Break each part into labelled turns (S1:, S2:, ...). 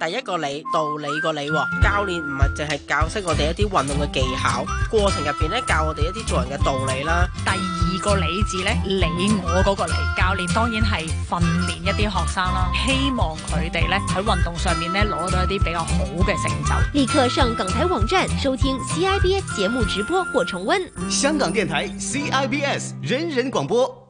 S1: 第一個理，道理個理，哦，教練唔係淨係教識我哋一啲運動嘅技
S2: 巧，過程入邊咧教我哋一啲做人嘅道理啦。第二個理字咧，理我嗰個理，教練當然係訓練一啲學生啦，希望佢哋咧喺
S3: 運動上面咧攞到一啲比較好嘅成就。立刻上港台網站收聽 CIBS 節目直播或重溫。溫香港電台 CIBS 人人廣播。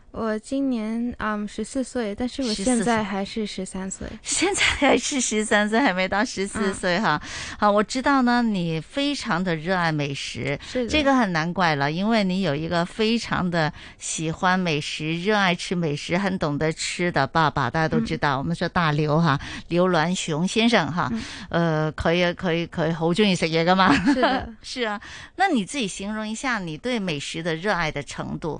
S4: 我今年嗯十四歲，但是我現在還是十三歲，十四歲，現在還是
S1: 十三歲，還沒到十四歲哈。嗯、好，我知道呢，你非常的熱愛美食，的這個很難怪了，因為你有一個非常的喜歡美食、熱愛吃美食、很懂得吃的爸爸，大家都知道，嗯、我們說大劉哈，劉銮雄先生哈，嗯、呃，可以可以，佢佢好中意食嘢噶嘛， 是，的 是啊。那你自己形容一下你對美食的熱愛的程度。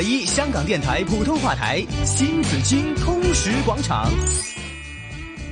S5: 一香港電台普通話台，新紫荊通識廣場。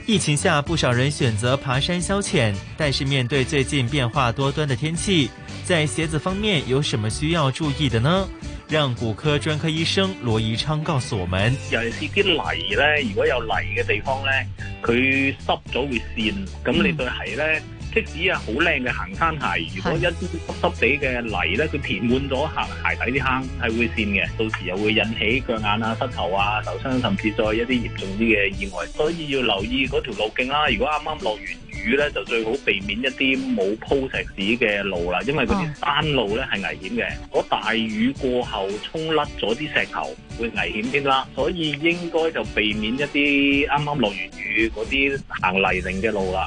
S5: 疫情下，
S6: 不少人選擇爬山消遣，但是面對最近變化多端的天氣，在鞋子方面有什麼需要注意的呢？讓骨科專科醫生羅宜昌告訴我們。
S7: 尤其是啲泥呢，如果有泥嘅地方咧，佢濕咗會跣。咁、嗯、你對鞋呢，即使啊好靚嘅行山鞋，如果一啲濕濕地嘅泥咧，佢填滿咗下。啲坑係會跣嘅，到時又會引起腳
S8: 眼啊、膝頭啊受傷，甚至再一啲嚴重啲嘅意外，所以要留意嗰條路徑啦、啊。如果啱啱落完雨咧，就最好避免一啲冇鋪石子嘅路啦，因為嗰啲山路咧係危險嘅。嗰、嗯、大雨過後沖甩咗啲石頭，會危險啲啦，所以應該就避免一啲啱啱落完雨嗰啲行泥
S5: 濘嘅路啦。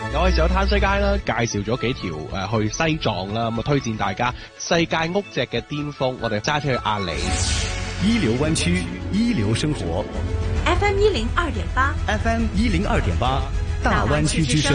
S5: 我喺度有攤西街啦，介紹咗幾條誒去西藏啦，咁啊推薦大家世界屋脊嘅巔峰，我哋揸車去阿里，一流灣區，一流生活
S2: ，F M 一零二點八
S5: ，F M 一零二點八，大灣區之聲。